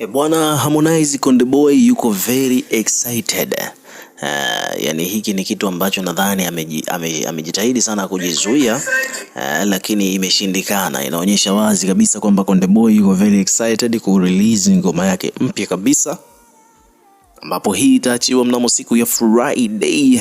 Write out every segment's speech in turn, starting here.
E bwana, Harmonize Konde Boy yuko very excited. Uh, yani hiki ni kitu ambacho nadhani amejitahidi ame, sana kujizuia uh, lakini imeshindikana. Inaonyesha wazi kabisa kwamba Konde Boy yuko very excited ku release ngoma yake mpya kabisa ambapo hii itaachiwa mnamo siku ya Friday,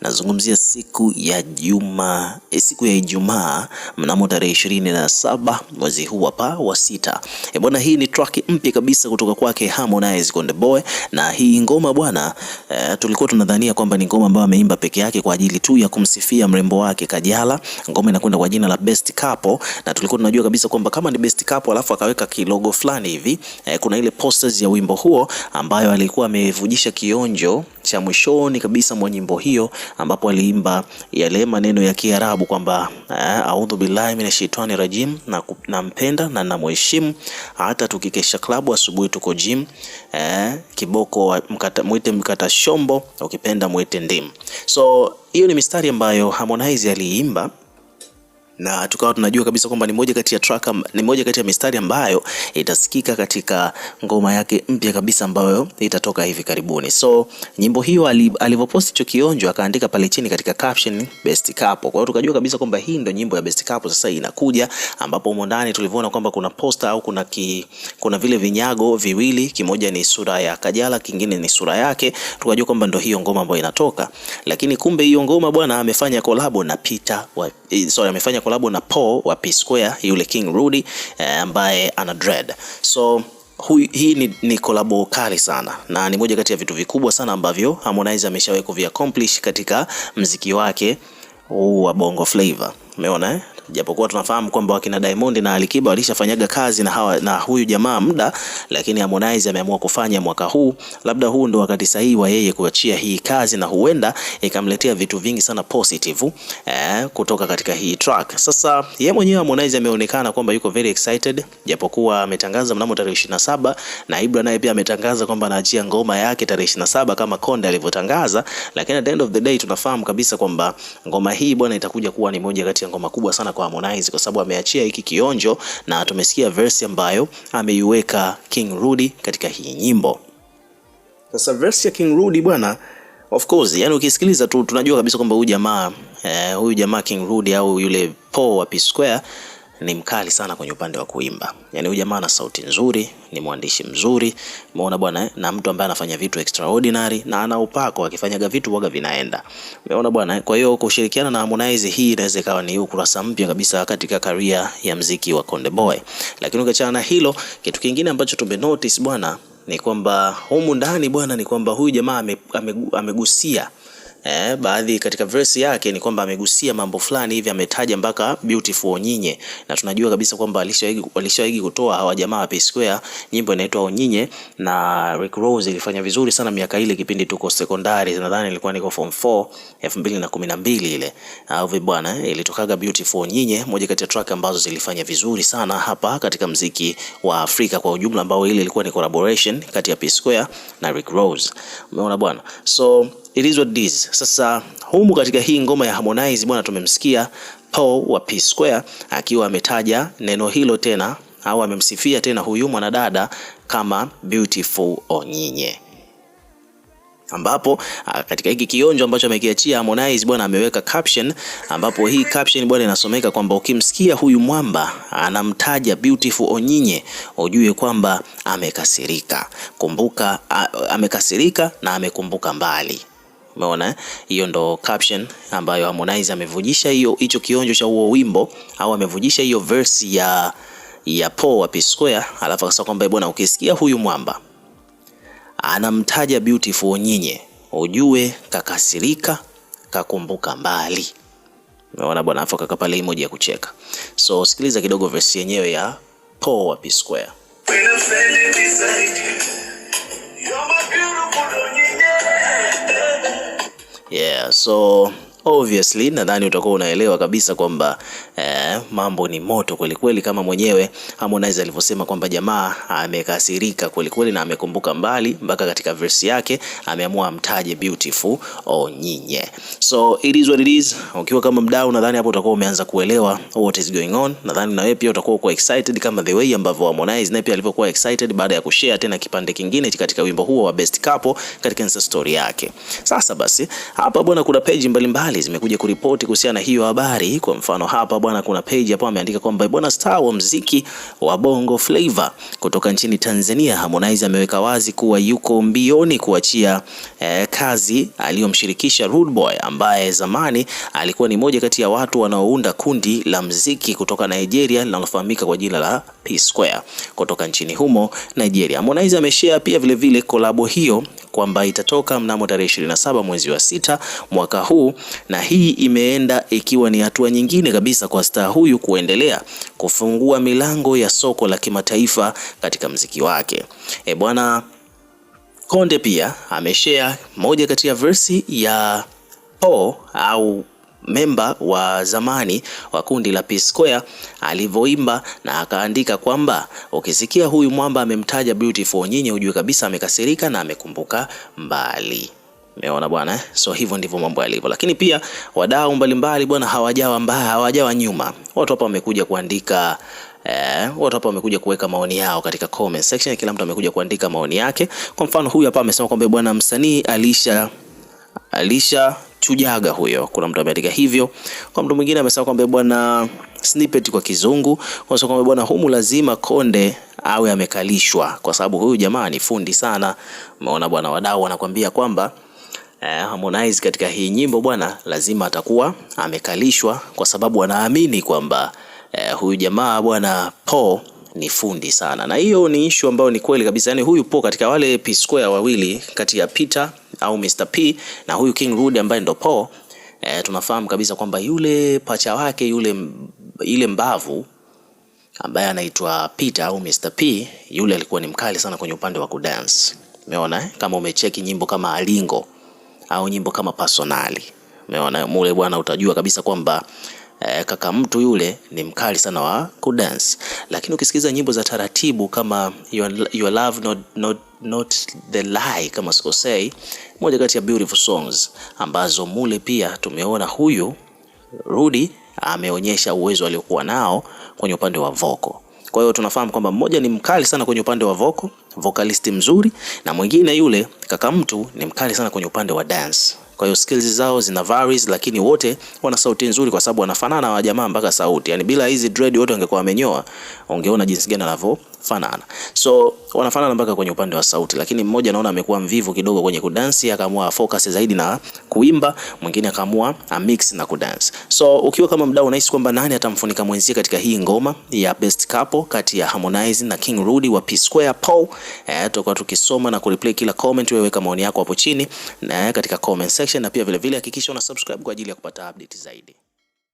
nazungumzia siku ya juma, eh, siku ya Ijumaa mnamo tarehe ishirini na saba mwezi huu hapa wa sita. E bwana, hii ni track mpya kabisa kutoka kwake Harmonize Konde Boy, na hii ngoma bwana e, tulikuwa tunadhania kwamba ni ngoma ambayo ameimba peke yake kwa ajili tu ya kumsifia mrembo wake Kajala. Ngoma inakwenda kwa jina la Best Couple, na tulikuwa tunajua kabisa kwamba kama ni Best Couple alafu akaweka kilogo fulani hivi e, kuna ile posters ya wimbo huo ambayo alikuwa ame alivujisha kionjo cha mwishoni kabisa mwa nyimbo hiyo ambapo aliimba yale maneno ya Kiarabu kwamba eh, audhu billahi minashaitani rajim, na nampenda na namheshimu, hata tukikesha klabu asubuhi tuko gym. Eh, kiboko mkata, mwite mkata shombo, ukipenda mwite ndimu. So hiyo ni mistari ambayo Harmonize aliimba na tukawa tunajua kabisa kwamba ni moja kati ya track, ni moja kati ya mistari ambayo itasikika katika ngoma yake mpya kabisa ambayo itatoka hivi karibuni. So nyimbo hiyo alivyoposti hicho kionjo akaandika pale chini katika caption best couple. Kwa hiyo tukajua kabisa kwamba hii ndio nyimbo ya best couple sasa inakuja, ambapo humo ndani tulivyoona kwamba kuna poster au kuna, ki, kuna vile vinyago viwili, kimoja ni sura ya Kajala, kingine ni sura yake. Tukajua kwamba ndio hiyo ngoma ambayo inatoka, lakini kumbe hiyo ngoma bwana amefanya collab na Peter, wa, eh, sorry amefanya kolabo na Paul wa P Square, yule King Rudy eh, ambaye ana dread so Hui, hii ni, ni kolabo kali sana na ni moja kati ya vitu vikubwa sana ambavyo Harmonize ameshawahi kuvi accomplish katika mziki wake huu wa Bongo Flava. Umeona eh? japokuwa tunafahamu kwamba wakina Diamond na Alikiba walishafanyaga kazi na, hawa, na huyu jamaa muda, lakini Harmonize ameamua kufanya mwaka huu. Labda huu ndo wakati sahihi wa yeye kuachia hii kazi na huenda ikamletea vitu vingi sana positive eh, kutoka katika hii track. Sasa yeye mwenyewe Harmonize ameonekana kwamba yuko very excited, japokuwa ametangaza mnamo tarehe 27 na Ibra naye pia ametangaza kwamba anaachia ngoma yake tarehe 27 kama Konde alivyotangaza, lakini at the end of the day tunafahamu kabisa kwamba ngoma hii bwana itakuja kuwa ni moja kati ya ngoma kubwa sana kwa Harmonize kwa sababu ameachia hiki kionjo na tumesikia verse ambayo ameiweka King Rudy katika hii nyimbo. Sasa verse ya King Rudy bwana, of course, yani ukisikiliza tu tunajua kabisa kwamba huyu jamaa eh, huyu jamaa King Rudy au yule Paul wa P Square ni mkali sana kwenye upande wa kuimba. Yaani huyu jamaa ana sauti nzuri, ni mwandishi mzuri, umeona bwana, eh? na mtu ambaye anafanya vitu extraordinary na ana upako, akifanyaga vitu waga vinaenda, umeona bwana. Eh? Kwa hiyo kushirikiana na Harmonize, hii inaweza ikawa ni ukurasa mpya kabisa katika karia ya mziki wa Konde Boy. Lakini ukiachana na hilo, kitu kingine ambacho notice bwana ni kwamba humu ndani bwana, ni kwamba huyu jamaa amegusia eh, baadhi katika verse yake ni kwamba amegusia mambo fulani hivi, ametaja mpaka Beautiful Onyinye, na tunajua kabisa kwamba alishawahi kutoa hawa jamaa wa P Square nyimbo inaitwa Onyinye, na Rick Rose ilifanya vizuri sana miaka ile, kipindi tuko sekondari, nadhani ilikuwa niko form 4 2012 ile au ah, bwana, eh, ilitokaga Beautiful Onyinye, moja kati ya track ambazo zilifanya vizuri sana hapa katika mziki wa Afrika kwa ujumla, ambao ile ilikuwa ni collaboration kati ya P Square na Rick Rose. Umeona bwana, so it is what it is. Sasa humu katika hii ngoma ya Harmonize bwana, tumemsikia Paul wa P Square akiwa ametaja neno hilo tena au amemsifia tena huyu mwanadada kama Beautiful Onyinye, ambapo ah, katika hiki kionjo ambacho amekiachia Harmonize bwana ameweka caption, ambapo hii caption bwana inasomeka kwamba ukimsikia huyu mwamba anamtaja Beautiful Onyinye ujue kwamba amekasirika. Kumbuka ah, amekasirika na amekumbuka mbali. Umeona hiyo ndo caption ambayo Harmonize amevujisha hiyo hicho kionjo cha huo wimbo au amevujisha hiyo verse ya ya Po wa P Square, alafu akasema kwamba eh, bwana, ukisikia huyu mwamba anamtaja Beautiful Nyinyi ujue kakasirika, kakumbuka mbali. Umeona bwana, alafu kaka pale emoji ya kucheka. So sikiliza kidogo verse yenyewe ya Po wa P Square. yeah so obviously nadhani utakuwa unaelewa kabisa kwamba eh, mambo ni moto kweli kweli, kama mwenyewe Harmonize alivyosema kwamba jamaa amekasirika kweli kweli na amekumbuka mbali mpaka katika verse yake ameamua amtaje Beautiful Onyinye. So it is what it is. Ukiwa kama mdau, nadhani hapo utakuwa umeanza kuelewa what is going on. Nadhani na wewe pia utakuwa kwa excited kama the way ambavyo Harmonize naye pia alivyokuwa excited baada ya kushare tena kipande kingine katika wimbo huo wa Best Couple katika Insta story yake. Sasa basi hapa bwana, kuna page mbalimbali mbali mbalimbali zimekuja kuripoti kuhusiana na hiyo habari. Kwa mfano hapa bwana, kuna page hapo ameandika kwamba bwana star wa mziki wa Bongo Flava kutoka nchini Tanzania Harmonize ameweka wazi kuwa yuko mbioni kuachia eh, kazi aliyomshirikisha Rude Boy ambaye zamani alikuwa ni moja kati ya watu wanaounda kundi la mziki kutoka Nigeria linalofahamika kwa jina la P Square kutoka nchini humo Nigeria. Harmonize ameshare pia vilevile kolabo hiyo kwamba itatoka mnamo tarehe 27 mwezi wa sita mwaka huu, na hii imeenda ikiwa ni hatua nyingine kabisa kwa staa huyu kuendelea kufungua milango ya soko la kimataifa katika mziki wake. E bwana Konde pia ameshare moja kati ya versi ya Po au memba wa zamani wa kundi la P Square alivyoimba, na akaandika kwamba ukisikia huyu mwamba amemtaja Beautiful, nyinyi ujue kabisa amekasirika na amekumbuka mbali. Umeona bwana eh? So hivyo ndivyo mambo yalivyo, lakini pia wadau mbalimbali bwana hawajawa mbaya, hawajawa nyuma. Watu hapa wamekuja kuandika eh, watu hapa wamekuja kuweka maoni yao katika comment section, kila mtu amekuja kuandika maoni yake. Kwa mfano huyu hapa amesema kwamba bwana msanii Alisha Alisha Chujaga huyo, kuna mtu ameandika hivyo. Kwa mtu mwingine amesema kwamba bwana snippet kwa kizungu anasema kwamba bwana, humu lazima Konde awe amekalishwa kwa sababu huyu jamaa ni fundi sana. Umeona bwana, wadau wanakuambia kwamba eh, Harmonize katika hii nyimbo bwana, lazima atakuwa amekalishwa kwa sababu wanaamini kwamba eh, huyu jamaa bwana Po ni fundi sana, na hiyo ni ishu ambayo ni kweli kabisa. Yani huyu Po katika wale P Square wawili kati ya Peter au Mr P na huyu King Rude ambaye ndo Po e, eh, tunafahamu kabisa kwamba yule pacha wake yule ile mbavu ambaye anaitwa Peter au Mr P yule alikuwa ni mkali sana kwenye upande wa kudance. Umeona eh? Kama umecheki nyimbo kama Alingo au nyimbo kama Personali, umeona mule bwana, utajua kabisa kwamba eh, kaka mtu yule ni mkali sana wa kudance, lakini ukisikiza nyimbo za taratibu kama your, your love not, not, not the lie kama sikosei, moja kati ya beautiful songs ambazo mule pia tumeona huyu Rudi ameonyesha uwezo aliokuwa nao kwenye upande wa voko. Kwa hiyo tunafahamu kwamba mmoja ni mkali sana kwenye upande wa voko, vocalist mzuri, na mwingine yule kaka mtu ni mkali sana kwenye upande wa dance. Kwa hiyo skills zao zina varies, lakini wote wana sauti nzuri, kwa sababu wanafanana wa jamaa mpaka sauti. Yani bila hizi dread wote wangekuwa wamenyoa, ungeona jinsi gani anavyo fanana. so wanafanana mpaka kwenye upande wa sauti, lakini mmoja naona amekuwa mvivu kidogo kwenye kudansi, akaamua focus zaidi na kuimba, mwingine akaamua a mix na kudansi. So ukiwa kama mdau, unahisi kwamba nani atamfunika mwenzie katika hii ngoma ya best couple kati ya Harmonize na King Rudy wa P Square Paul? Eh, tutakuwa tukisoma na kureplay kila comment. Wewe weka maoni yako hapo chini na eh, katika comment section, na pia vile vile hakikisha una subscribe kwa ajili ya kupata update zaidi.